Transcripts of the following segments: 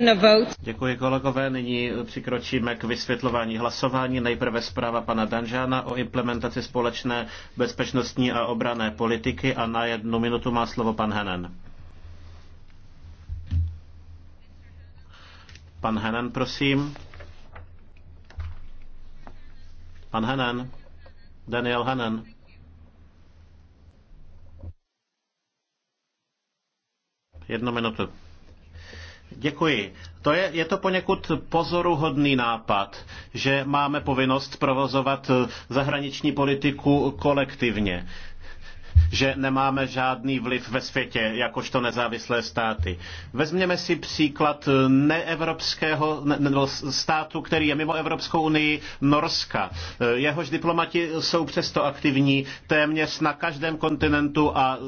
No Děkuji kolegové, nyní přikročíme k vysvětlování hlasování. Nejprve zpráva pana Danžána o implementaci společné bezpečnostní a obrané politiky a na jednu minutu má slovo pan Henen. Pan Henen, prosím. Pan Henen. Daniel Henen. Jednu minutu. Děkuji. To je, je to poněkud pozoruhodný nápad, že máme povinnost provozovat eh, zahraniční politiku kolektivně že nemáme žádný vliv ve světě, jakožto nezávislé státy. Vezměme si příklad neevropského no, státu, který je mimo Evropskou unii, Norska. Jehož diplomati jsou přesto aktivní téměř na každém kontinentu a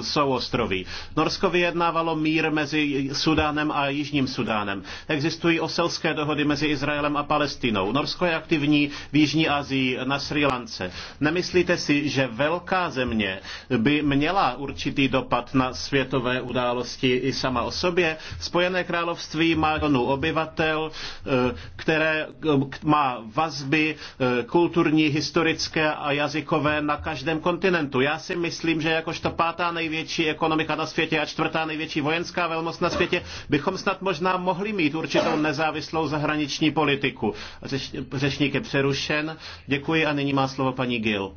souostroví. Norsko vyjednávalo mír mezi Sudánem a Jižním Sudánem. Existují oselské dohody mezi Izraelem a Palestinou. Norsko je aktivní v Jižní Asii, na Sri Lance. Nemyslíte si, že velká země by měla určitý dopad na světové události i sama o sobě. Spojené království má plnu obyvatel, eh, které eh, má vazby eh, kulturní, historické a jazykové na každém kontinentu. Já si myslím, že jakožto pátá největší ekonomika na světě a čtvrtá největší vojenská velmoc na světě bychom snad možná mohli mít určitou nezávislou zahraniční politiku. Řeš, řečník je přerušen. Děkuji a nyní má slovo paní Gill.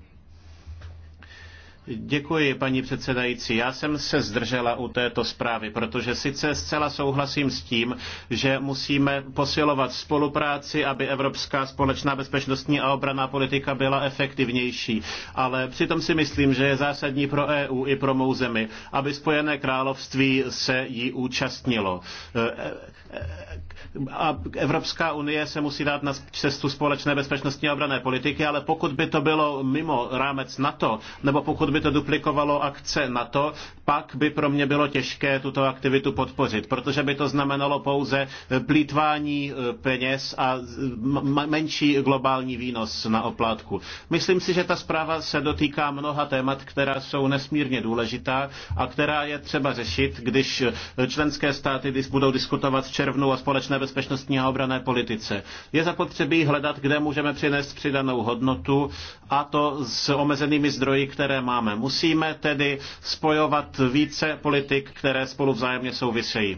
Děkuji, paní předsedající. Já jsem se zdržela u této zprávy, protože sice zcela souhlasím s tím, že musíme posilovat spolupráci, aby evropská společná bezpečnostní a obranná politika byla efektivnější, ale přitom si myslím, že je zásadní pro EU i pro mou zemi, aby Spojené království se jí účastnilo a Evropská unie se musí dát na cestu společné bezpečnostní a obrané politiky, ale pokud by to bylo mimo rámec NATO, nebo pokud by to duplikovalo akce NATO, pak by pro mě bylo těžké tuto aktivitu podpořit, protože by to znamenalo pouze plítvání eh, peněz a menší globální výnos na oplátku. Myslím si, že ta zpráva se dotýká mnoha témat, která jsou nesmírně důležitá a která je třeba řešit, když eh, členské státy budou diskutovat v červnu o společné společné bezpečnostní a obrané politice. Je zapotřebí hledat, kde můžeme přinést přidanou hodnotu a to s omezenými zdroji, které máme. Musíme tedy spojovat více politik, které spolu vzájemně souvisejí.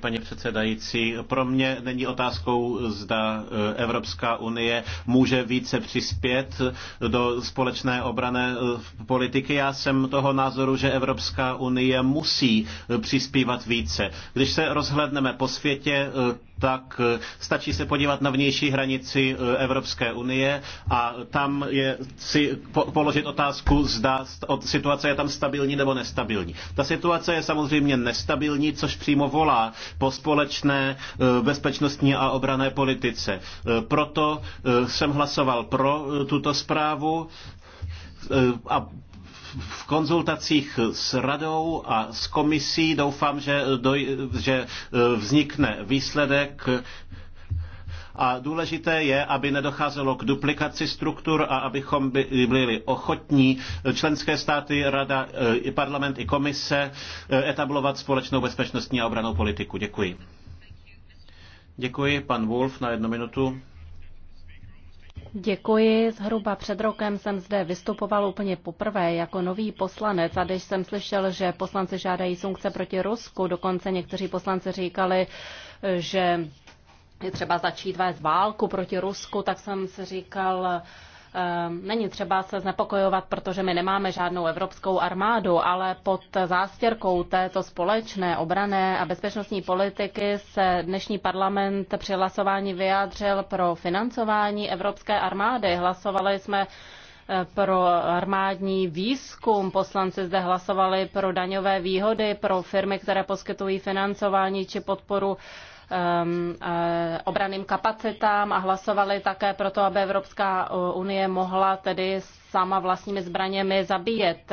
paní předsedající. Pro mě není otázkou, zda eh, Evropská unie může více přispět eh, do společné obranné eh, politiky. Já jsem toho názoru, že Evropská unie musí přispívat více. Když se rozhlédneme po světě, tak eh, stačí se podívat na vnější hranici eh, Evropské unie a tam je si položit otázku, zda situace je tam stabilní nebo nestabilní. Ta situace je samozřejmě nestabilní, což přímo volá po společné eh, bezpečnostní a obrané politice. Proto jsem hlasoval pro tuto zprávu a v konzultacích s radou a s komisí doufám, že, doj, že e, vznikne výsledek, a důležité je, aby nedocházelo k duplikaci struktur a abychom byli ochotní členské státy, rada, i e, parlament i komise e, etablovat společnou bezpečnostní a obranou politiku. Děkuji. Děkuji, pan Wolf, na jednu minutu. Děkuji. Zhruba před rokem jsem zde vystupoval úplně poprvé jako nový poslanec a když jsem slyšel, že poslanci žádají sankce proti Rusku, dokonce někteří poslanci říkali, že je třeba začít vést válku proti Rusku, tak jsem si říkal, Ehm, není třeba se znepokojovat, protože my nemáme žádnou evropskou armádu, ale pod zástěrkou této společné obrané a bezpečnostní politiky se dnešní parlament při hlasování vyjádřil pro financování evropské armády. Hlasovali jsme eh, pro armádní výzkum. Poslanci zde hlasovali pro daňové výhody pro firmy, které poskytují financování či podporu Um, eh, obraným kapacitám a hlasovali také pro to, aby Evropská eh, unie mohla tedy sama vlastními zbraněmi zabíjet.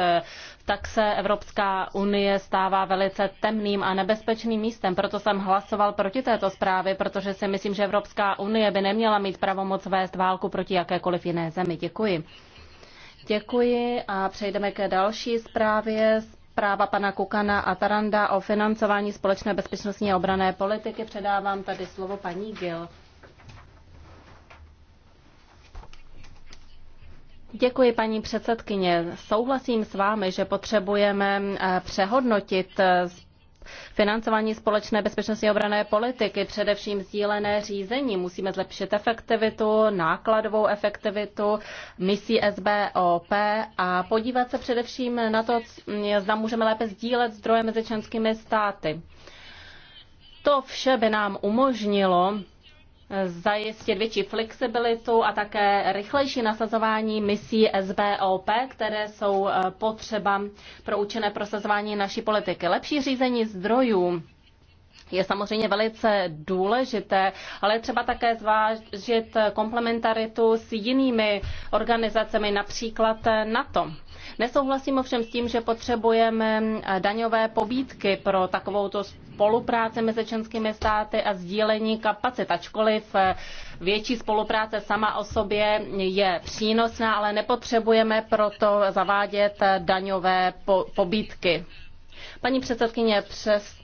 Tak se Evropská unie stává velice temným a nebezpečným místem. Proto jsem hlasoval proti této zprávě, protože si myslím, že Evropská unie by neměla mít pravomoc vést válku proti jakékoliv jiné zemi. Děkuji. Děkuji a přejdeme ke další zprávě zpráva pana Kukana a Taranda o financování společné bezpečnostní a obrané politiky. Předávám tady slovo paní Gil. Děkuji, paní předsedkyně. Souhlasím s vámi, že potřebujeme eh, přehodnotit eh, Financování společné bezpečnostní obrané politiky, především sdílené řízení. Musíme zlepšit efektivitu, nákladovou efektivitu, misí SBOP a podívat se především na to, zda můžeme lépe sdílet zdroje mezi členskými státy. To vše by nám umožnilo zajistit větší flexibilitu a také rychlejší nasazování misí SBOP, které jsou eh, potřeba pro účinné prosazování naší politiky. Lepší řízení zdrojů je samozřejmě velice důležité, ale třeba také zvážit komplementaritu s jinými organizacemi, například NATO. Nesouhlasím ovšem s tím, že potřebujeme daňové pobídky pro takovouto spolupráci mezi členskými státy a sdílení kapacit, ačkoliv větší spolupráce sama o sobě je přínosná, ale nepotřebujeme proto zavádět daňové po- pobídky. Paní předsedkyně, přes,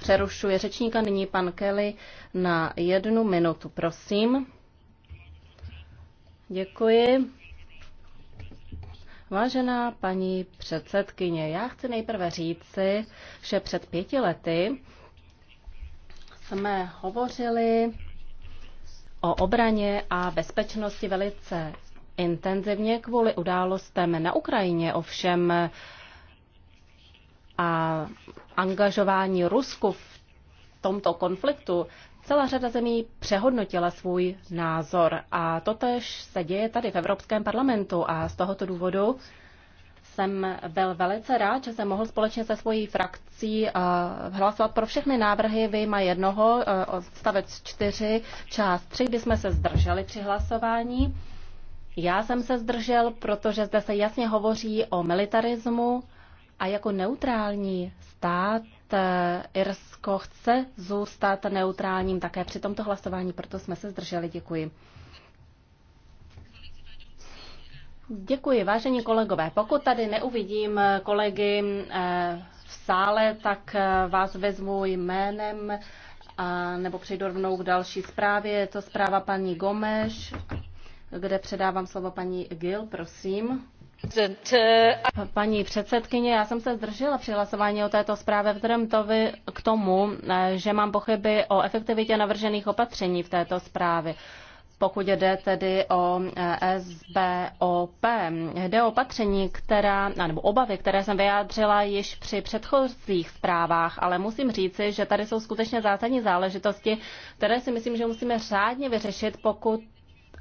přerušuje řečníka. Nyní pan Kelly na jednu minutu, prosím. Děkuji. Vážená paní předsedkyně, já chci nejprve říci, že před pěti lety jsme hovořili o obraně a bezpečnosti velice intenzivně kvůli událostem na Ukrajině. Ovšem a angažování Rusku v tomto konfliktu, celá řada zemí přehodnotila svůj názor. A totež se děje tady v Evropském parlamentu a z tohoto důvodu jsem byl velice rád, že jsem mohl společně se svojí frakcí eh, hlasovat pro všechny návrhy vyjma jednoho, eh, odstavec 4, část 3, kdy jsme se zdrželi při hlasování. Já jsem se zdržel, protože zde se jasně hovoří o militarismu, a jako neutrální stát eh, Irsko chce zůstat neutrálním také při tomto hlasování, proto jsme se zdrželi. Děkuji. Děkuji, vážení kolegové. Pokud tady neuvidím kolegy eh, v sále, tak eh, vás vezmu jménem a, nebo přejdu rovnou k další zprávě. Je to zpráva paní Gomeš, kde předávám slovo paní Gil, prosím. Paní předsedkyně, já jsem se zdržela při hlasování o této zprávě vzhledem k tomu, eh, že mám pochyby o efektivitě navržených opatření v této zprávě. Pokud jde tedy o eh, SBOP, jde o opatření, která, nebo obavy, které jsem vyjádřila již při předchozích zprávách, ale musím říci, že tady jsou skutečně zásadní záležitosti, které si myslím, že musíme řádně vyřešit, pokud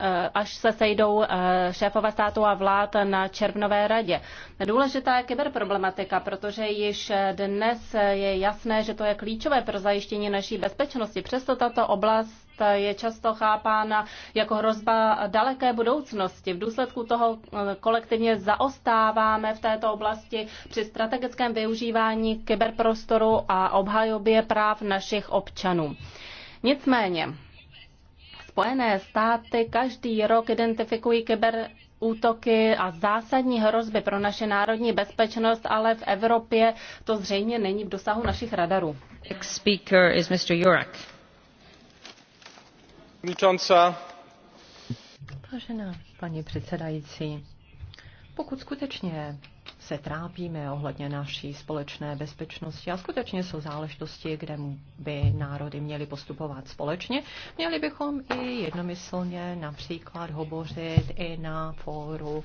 Eh, až se sejdou eh, šéfové státu a vlád na červnové radě. Důležitá je kyberproblematika, protože již dnes je jasné, že to je klíčové pro zajištění naší bezpečnosti. Přesto tato oblast je často chápána jako hrozba daleké budoucnosti. V důsledku toho eh, kolektivně zaostáváme v této oblasti při strategickém využívání kyberprostoru a obhajobě práv našich občanů. Nicméně, Spojené státy každý rok identifikují kyber útoky a zásadní hrozby pro naše národní bezpečnost, ale v Evropě to zřejmě není v dosahu našich radarů. Vážená paní předsedající, pokud skutečně se trápíme ohledně naší společné bezpečnosti a skutečně jsou záležitosti, kde by národy měly postupovat společně. Měli bychom i jednomyslně například hovořit i na fóru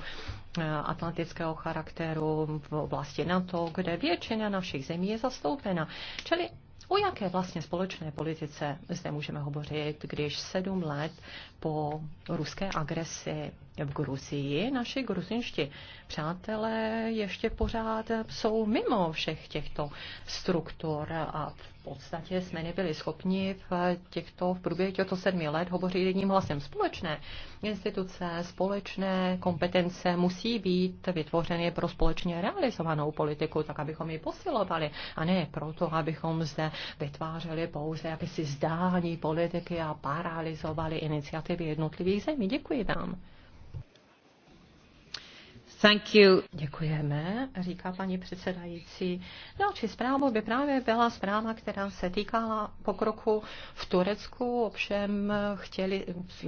eh, atlantického charakteru v oblasti NATO, kde většina našich zemí je zastoupena. Čili O jaké vlastně společné politice zde můžeme hovořit, když sedm let po ruské agresi v Gruzii naši gruzinští přátelé ještě pořád jsou mimo všech těchto struktur a podstatě jsme nebyli schopni v, těchto, v průběhu těchto sedmi let hovořit jedním hlasem. Společné instituce, společné kompetence musí být vytvořeny pro společně realizovanou politiku, tak abychom ji posilovali, a ne proto, abychom zde vytvářeli pouze jakési zdání politiky a paralizovali iniciativy jednotlivých zemí. Děkuji vám. Thank you. Děkujeme, říká paní předsedající. Další no, zprávou by právě byla zpráva, která se týkala pokroku v Turecku. Ovšem chtěli,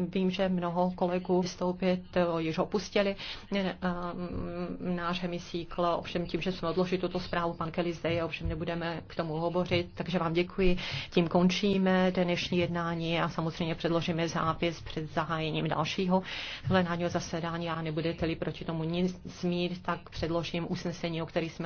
vím, že mnoho kolegů vystoupit, eh, již opustili eh, mm, náš hemicykl. Ovšem tím, že jsme odložili tuto zprávu, pan Kelly zde je, ovšem nebudeme k tomu hovořit, takže vám děkuji. Tím končíme dnešní jednání a samozřejmě předložíme zápis před zahájením dalšího plenárního zasedání a nebudete-li proti tomu nic smír, tak předložím usnesení, o který jsme